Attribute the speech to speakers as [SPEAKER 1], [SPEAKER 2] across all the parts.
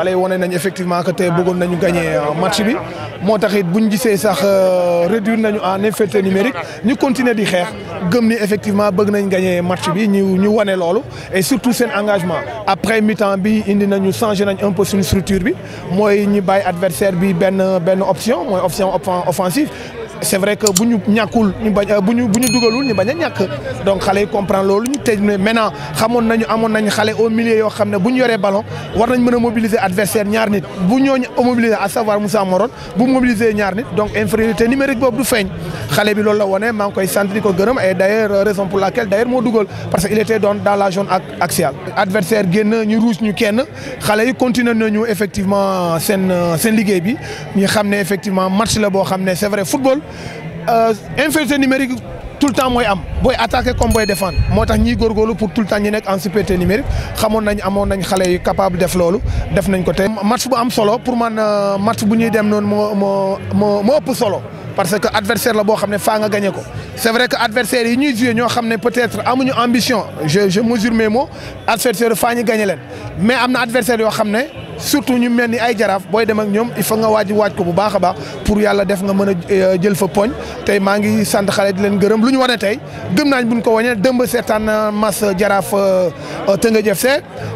[SPEAKER 1] xale yi nañ effectivement que tey bëggoon nañu gagner euh, match bi moo tax it bu ñu sax euh, réduire nañu en effet numérique ñu continuer di xeex gëm ni effectivement bëgg nañ gagner match bi ñu ñu wane lolu et surtout sen engagement après mi-temps bi indi nañu changer nañ un peu sur structure bi moy ñu bay adversaire bi ben, ben option moy option offensive c'est vrai que buñu ñakul ñàkkul ñu bañ ni euh, ñu dugalul ñu donc xale comprend comprendre loolu ñu tey maintenant xamone nañu amone nañ xalé au milieu yo xamné buñu yoré ballon war nañ mëna mobiliser adversaire ñaar nit bu ñooñu mobiliser à savoir Moussa Moron bu mobiliser ñaar nit donc infériorité numérique bobu du feeñ xale bi lolu la wone ma ngi koy sant di ko et d'ailleurs euh, raison pour laquelle d'ailleurs mo dugal parce qu'il était dans dans la zone axiale adversaire génn ñu rouge ñu kenn xale yi continuer nañu effectivement seen euh, seen ligue bi ñu xamné effectivement match la bo xamné c'est vrai football euh, infériorité numérique tout le temps moy am boy attaquer comme boy défendre motax ñi ñiy pour tout le temps ñi nek en supériorité numérique xamone nañ amoon nañ xalé yu capable def lolu def nañ ko té match bu am solo pour man euh, match bu ñuy dem non mo mo mo moo solo parce que adversaire la bo xamné fa nga gagné ko c'est vrai que adversaire yi ñuy jouer ño xamné peut-être amuñu ambition je je mesure mes mots adversaire fa ñu gagner leen mais amna adversaire yo xamné ne surtout ñu melni ay jaraf boy dem ak ñom il faut nga waji waaj ko bu baax baax pour yalla def nga meuna jël fa pogne tay ma ngi sante xale di leen gëreum lu ñu wane tey gëm nañ buñ ko wane dëmb seetaan mas jaraaf Teungueth FC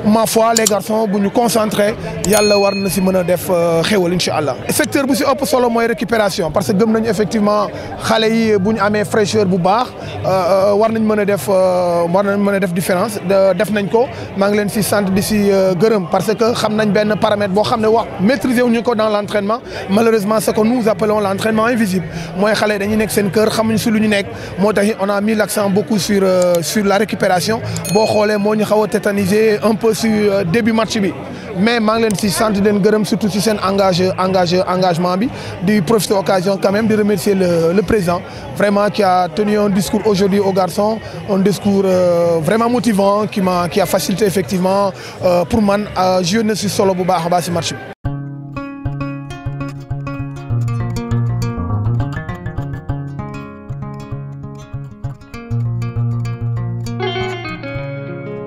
[SPEAKER 1] ma foi les garçons buñu ñu concentré yàlla war na ci meuna def euh, xewal inshallah allah. secteur bu ci op solo moy récupération parce que gëm nañ effectivement xale yi buñ amé fraîcheur bu baax euh, euh, war nañ meuna def war nañ meuna def différence def nañ ko ma ngi leen ci sante di ci gëreum parce que xam nañ benn Paramètres. paramètre maîtriser dans l'entraînement, malheureusement ce que nous appelons l'entraînement invisible on a mis l'accent beaucoup sur euh, sur la récupération un peu sur euh, début match mais je suis leen si de surtout engagé engagé engagement bi profiter occasion quand même de remercier le le président vraiment qui a tenu un discours aujourd'hui aux garçons un discours euh, vraiment motivant qui m'a qui a facilité effectivement euh, pour moi à ne suis solo bu baax marché.